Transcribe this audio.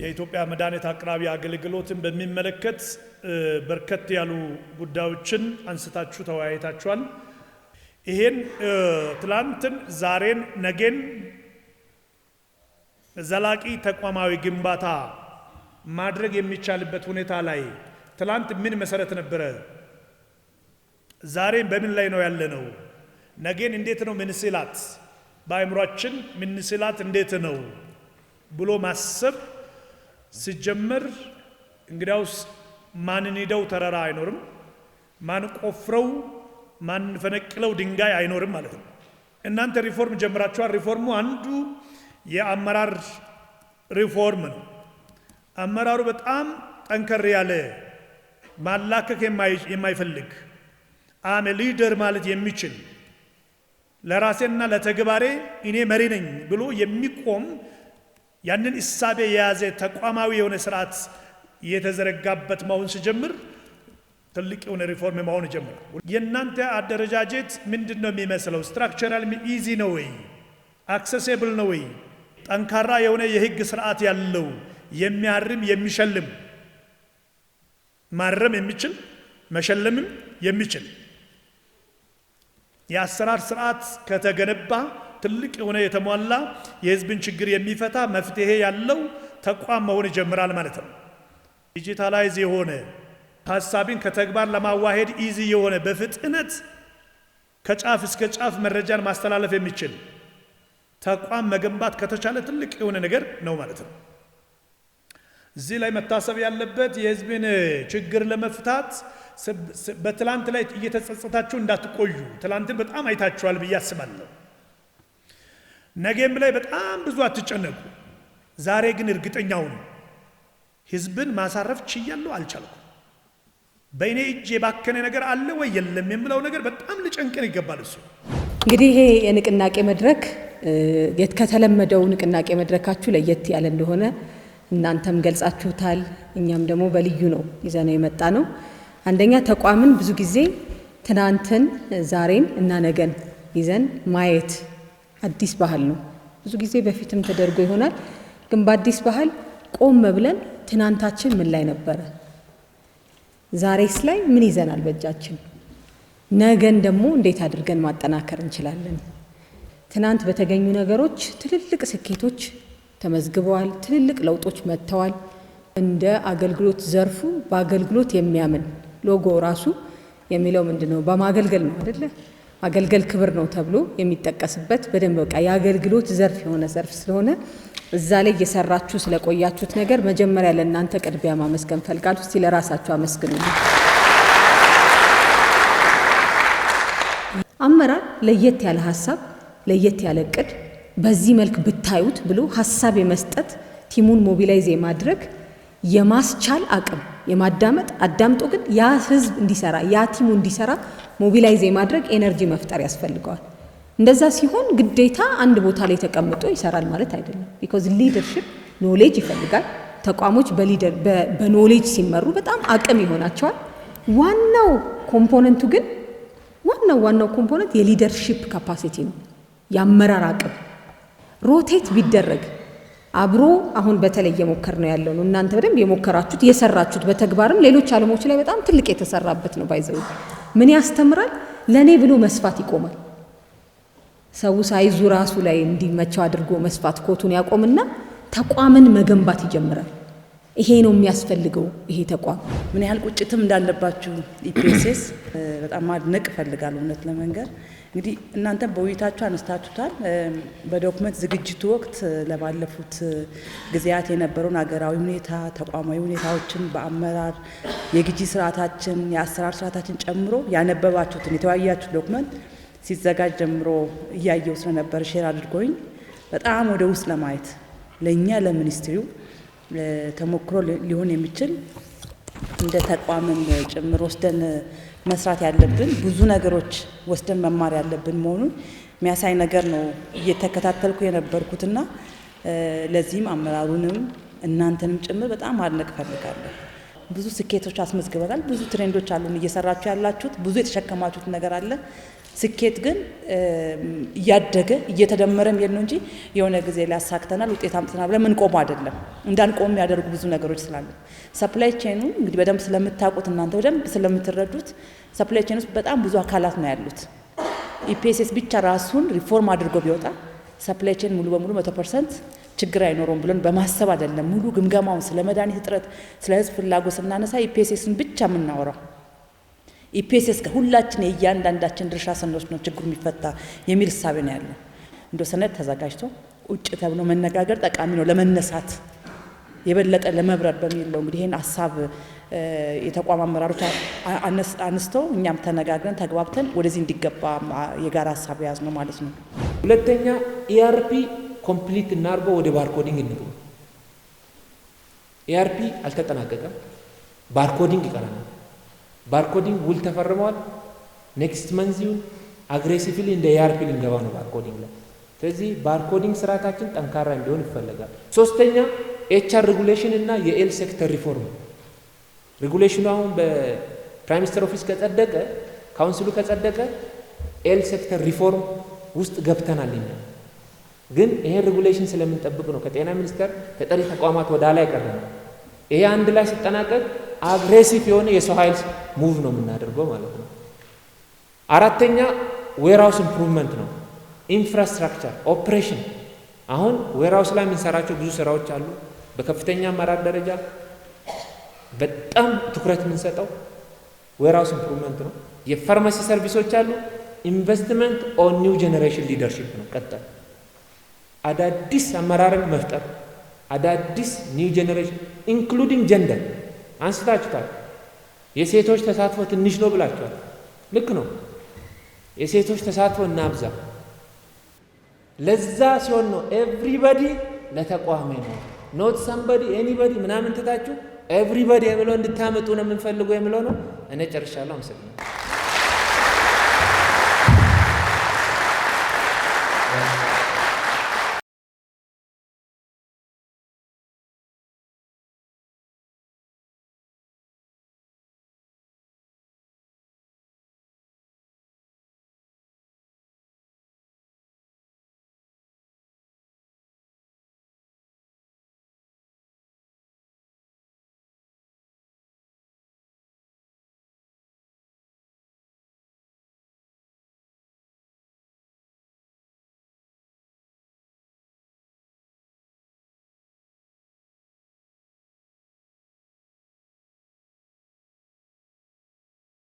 የኢትዮጵያ መድኃኒት አቅራቢ አገልግሎትን በሚመለከት በርከት ያሉ ጉዳዮችን አንስታችሁ ተወያይታችኋል። ይሄን ትላንትን፣ ዛሬን፣ ነገን ዘላቂ ተቋማዊ ግንባታ ማድረግ የሚቻልበት ሁኔታ ላይ ትላንት ምን መሰረት ነበረ? ዛሬን በምን ላይ ነው ያለነው? ነገን እንዴት ነው ምንስላት? በአእምሯችን ምንስላት እንዴት ነው ብሎ ማሰብ ሲጀመር እንግዲያውስ ማንን ሄደው ተራራ አይኖርም፣ ማን ቆፍረው ማን ፈነቅለው ድንጋይ አይኖርም ማለት ነው። እናንተ ሪፎርም ጀምራችኋል። ሪፎርሙ አንዱ የአመራር ሪፎርም ነው። አመራሩ በጣም ጠንከር ያለ ማላከክ የማይፈልግ አም ሊደር ማለት የሚችል ለራሴና ለተግባሬ እኔ መሪ ነኝ ብሎ የሚቆም ያንን እሳቤ የያዘ ተቋማዊ የሆነ ስርዓት የተዘረጋበት መሆን ሲጀምር ትልቅ የሆነ ሪፎርም መሆን ጀምሯል። የእናንተ አደረጃጀት ምንድን ነው የሚመስለው? ስትራክቸራል ኢዚ ነው ወይ? አክሰሴብል ነው ወይ? ጠንካራ የሆነ የህግ ስርዓት ያለው የሚያርም የሚሸልም ማረም የሚችል መሸለምም የሚችል የአሰራር ስርዓት ከተገነባ ትልቅ የሆነ የተሟላ የህዝብን ችግር የሚፈታ መፍትሄ ያለው ተቋም መሆን ይጀምራል ማለት ነው። ዲጂታላይዝ የሆነ ሀሳብን ከተግባር ለማዋሄድ ኢዚ የሆነ በፍጥነት ከጫፍ እስከ ጫፍ መረጃን ማስተላለፍ የሚችል ተቋም መገንባት ከተቻለ ትልቅ የሆነ ነገር ነው ማለት ነው። እዚህ ላይ መታሰብ ያለበት የህዝብን ችግር ለመፍታት በትላንት ላይ እየተጸጸታችሁ እንዳትቆዩ። ትላንትን በጣም አይታችኋል ብዬ አስባለሁ። ነገም ላይ በጣም ብዙ አትጨነቁ። ዛሬ ግን እርግጠኛው ነው። ህዝብን ማሳረፍ ችያለሁ፣ አልቻልኩ። በእኔ እጅ የባከነ ነገር አለ ወይ የለም የምለው ነገር በጣም ልጨንቅን ይገባል። እሱ እንግዲህ ይሄ የንቅናቄ መድረክ ከተለመደው ንቅናቄ መድረካችሁ ለየት ያለ እንደሆነ እናንተም ገልጻችሁታል። እኛም ደግሞ በልዩ ነው ይዘነው የመጣ ነው። አንደኛ ተቋምን ብዙ ጊዜ ትናንትን፣ ዛሬን እና ነገን ይዘን ማየት አዲስ ባህል ነው። ብዙ ጊዜ በፊትም ተደርጎ ይሆናል፣ ግን በአዲስ ባህል ቆም ብለን ትናንታችን ምን ላይ ነበረ፣ ዛሬስ ላይ ምን ይዘናል በእጃችን፣ ነገን ደግሞ እንዴት አድርገን ማጠናከር እንችላለን። ትናንት በተገኙ ነገሮች ትልልቅ ስኬቶች ተመዝግበዋል፣ ትልልቅ ለውጦች መጥተዋል። እንደ አገልግሎት ዘርፉ በአገልግሎት የሚያምን ሎጎ ራሱ የሚለው ምንድን ነው? በማገልገል ነው አደለ? አገልገል ክብር ነው ተብሎ የሚጠቀስበት በደንብ በቃ የአገልግሎት ዘርፍ የሆነ ዘርፍ ስለሆነ እዛ ላይ እየሰራችሁ ስለቆያችሁት ነገር መጀመሪያ ለእናንተ ቅድሚያ ማመስገን ፈልጋሉ። እስቲ ለራሳችሁ አመስግኑ። አመራር ለየት ያለ ሀሳብ፣ ለየት ያለ እቅድ በዚህ መልክ ብታዩት ብሎ ሀሳብ የመስጠት ቲሙን ሞቢላይዝ የማድረግ የማስቻል አቅም የማዳመጥ አዳምጦ ግን ያ ህዝብ እንዲሰራ ያ ቲሙ እንዲሰራ ሞቢላይዝ የማድረግ ኤነርጂ መፍጠር ያስፈልገዋል። እንደዛ ሲሆን ግዴታ አንድ ቦታ ላይ ተቀምጦ ይሰራል ማለት አይደለም። ቢኮዝ ሊደርሽፕ ኖሌጅ ይፈልጋል። ተቋሞች በሊደር በኖሌጅ ሲመሩ በጣም አቅም ይሆናቸዋል። ዋናው ኮምፖነንቱ ግን ዋናው ዋናው ኮምፖነንት የሊደርሽፕ ካፓሲቲ ነው፣ የአመራር አቅም ሮቴት ቢደረግ አብሮ አሁን በተለይ የሞከር ነው ያለው ነው። እናንተ በደንብ የሞከራችሁት የሰራችሁት፣ በተግባርም ሌሎች አለሞች ላይ በጣም ትልቅ የተሰራበት ነው። ባይዘው ምን ያስተምራል? ለእኔ ብሎ መስፋት ይቆማል። ሰው ሳይዙ ራሱ ላይ እንዲመቸው አድርጎ መስፋት ኮቱን ያቆምና ተቋምን መገንባት ይጀምራል። ይሄ ነው የሚያስፈልገው። ይሄ ተቋም ምን ያህል ቁጭትም እንዳለባችሁ ኢፒኤስኤስ በጣም ማድነቅ እፈልጋለሁ እውነት ለመንገር እንግዲህ እናንተ በውይይታችሁ አነስታችሁታል። በዶክመንት ዝግጅቱ ወቅት ለባለፉት ጊዜያት የነበረውን ሀገራዊ ሁኔታ፣ ተቋማዊ ሁኔታዎችን በአመራር የግጂ ስርዓታችን፣ የአሰራር ስርዓታችን ጨምሮ ያነበባችሁትን የተወያያችሁ ዶክመንት ሲዘጋጅ ጀምሮ እያየው ስለነበረ ሼር አድርጎኝ በጣም ወደ ውስጥ ለማየት ለእኛ ለሚኒስትሪው ተሞክሮ ሊሆን የሚችል እንደ ተቋምም ጭምር ወስደን መስራት ያለብን ብዙ ነገሮች ወስደን መማር ያለብን መሆኑን የሚያሳይ ነገር ነው እየተከታተልኩ የነበርኩትና ለዚህም አመራሩንም እናንተንም ጭምር በጣም አድነቅ እፈልጋለሁ። ብዙ ስኬቶች አስመዝግበናል። ብዙ ትሬንዶች አሉን። እየሰራችሁ ያላችሁት ብዙ የተሸከማችሁት ነገር አለ። ስኬት ግን እያደገ እየተደመረም የል ነው እንጂ የሆነ ጊዜ ሊያሳክተናል አሳክተናል ውጤት አምጥተናል ብለን ቆሙ አይደለም። እንዳንቆም የሚያደርጉ ብዙ ነገሮች ስላሉ ሰፕላይ ቼኑ እንግዲህ በደንብ ስለምታውቁት እናንተ በደንብ ስለምትረዱት ሰፕላይ ቼን ውስጥ በጣም ብዙ አካላት ነው ያሉት። ኢፒኤስኤስ ብቻ ራሱን ሪፎርም አድርጎ ቢወጣ ሰፕላይ ቼን ሙሉ በሙሉ መቶ ፐርሰንት ችግር አይኖረውም ብለን በማሰብ አይደለም። ሙሉ ግምገማውን ስለ መድኃኒት እጥረት፣ ስለ ህዝብ ፍላጎት ስናነሳ ኢፒኤስኤስን ብቻ የምናወራው ኢፒኤስ ጋር ሁላችን የእያንዳንዳችን ድርሻ ስንወስድ ነው ችግሩ የሚፈታ የሚል እሳቤ ነው ያለው። እንደ ሰነድ ተዘጋጅቶ ውጭ ተብሎ መነጋገር ጠቃሚ ነው ለመነሳት የበለጠ ለመብረር በሚል ነው እንግዲህ ይህን ሀሳብ የተቋም አመራሮች አንስተው እኛም ተነጋግረን ተግባብተን ወደዚህ እንዲገባ የጋራ ሀሳብ የያዝ ነው ማለት ነው። ሁለተኛ ኢአርፒ ኮምፕሊት እናርገው ወደ ባርኮዲንግ እንግባ። ኢአርፒ አልተጠናቀቀም፣ ባርኮዲንግ ይቀራል። ባርኮዲንግ ውል ተፈርመዋል። ኔክስት መንዚውን ይሁን አግሬሲቭሊ እንደ የአርፒል e እንገባ ነው ባርኮዲንግ ላይ። ስለዚህ ባርኮዲንግ ስርዓታችን ጠንካራ እንዲሆን ይፈለጋል። ሶስተኛ ኤችአር ሬጉሌሽን እና የኤል ሴክተር ሪፎርም። ሬጉሌሽኑ አሁን በፕራይም ሚኒስተር ኦፊስ ከጸደቀ ካውንስሉ ከጸደቀ ኤል ሴክተር ሪፎርም ውስጥ ገብተናል እኛ ግን ይሄን ሬጉሌሽን ስለምንጠብቅ ነው ከጤና ሚኒስቴር ተጠሪ ተቋማት ወደ ላይ ቀረ ነው። ይሄ አንድ ላይ ሲጠናቀቅ አግሬሲቭ የሆነ የሰው ኃይል ሙቭ ነው የምናደርገው ማለት ነው። አራተኛ ዌርሃውስ ኢምፕሩቭመንት ነው። ኢንፍራስትራክቸር ኦፕሬሽን። አሁን ዌርሃውስ ላይ የምንሰራቸው ብዙ ስራዎች አሉ። በከፍተኛ አመራር ደረጃ በጣም ትኩረት የምንሰጠው ዌርሃውስ ኢምፕሩቭመንት ነው። የፋርማሲ ሰርቪሶች አሉ። ኢንቨስትመንት ኦን ኒው ጄኔሬሽን ሊደርሽፕ ነው። ቀጠል አዳዲስ አመራርን መፍጠር አዳዲስ ኒው ጄኔሬሽን ኢንክሉዲንግ ጀንደር አንስታችሁታል። የሴቶች ተሳትፎ ትንሽ ነው ብላችኋል። ልክ ነው። የሴቶች ተሳትፎ እናብዛ። ለዛ ሲሆን ነው ኤቭሪበዲ ለተቋሚ ነው ኖት ሰምበዲ ኤኒበዲ ምናምን ትታችሁ ኤቭሪበዲ የምለው እንድታመጡ ነው የምንፈልገው የምለው ነው። እኔ ጨርሻለሁ። አመሰግናለሁ።